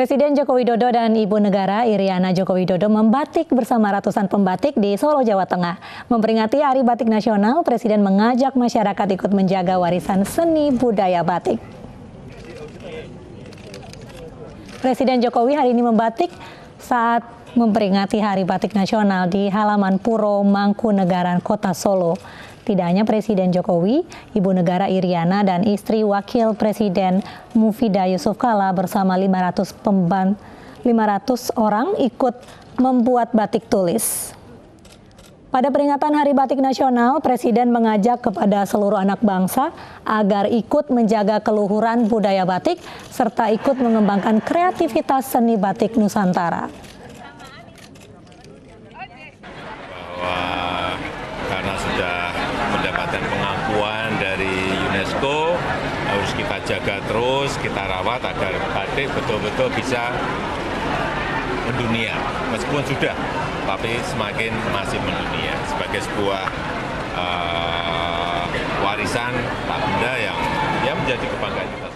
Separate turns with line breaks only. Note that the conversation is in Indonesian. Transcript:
Presiden Joko Widodo dan Ibu Negara Iriana Joko Widodo membatik bersama ratusan pembatik di Solo, Jawa Tengah. Memperingati Hari Batik Nasional, Presiden mengajak masyarakat ikut menjaga warisan seni budaya batik. Presiden Jokowi hari ini membatik saat memperingati Hari Batik Nasional di halaman Puro Mangkunegaran Kota Solo. Tidak hanya Presiden Jokowi, Ibu Negara Iriana dan istri Wakil Presiden Mufida Yusuf Kala bersama 500 pemban 500 orang ikut membuat batik tulis. Pada peringatan Hari Batik Nasional, Presiden mengajak kepada seluruh anak bangsa agar ikut menjaga keluhuran budaya batik serta ikut mengembangkan kreativitas seni batik Nusantara. Bahwa
karena sudah UNESCO harus kita jaga terus, kita rawat agar batik betul-betul bisa mendunia. Meskipun sudah, tapi semakin masih mendunia sebagai sebuah uh, warisan tak
benda yang ya menjadi kebanggaan kita.